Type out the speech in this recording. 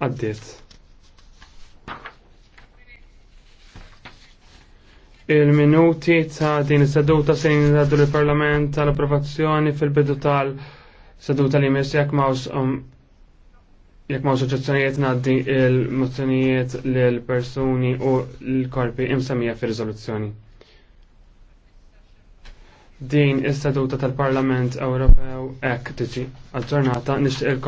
Għaddiet. Il-minuti ta' din is-seduta se jingħaddu l-Parlament tal-approvazzjoni fil-bidu tal-seduta li jmiss jekk ma' um, jekk ma' ngħaddi il-mozzjonijiet lil persuni u l-korpi imsemmija fir-riżoluzzjoni. Din is-seduta tal-Parlament Ewropew hekk tiġi aġġornata nixtieq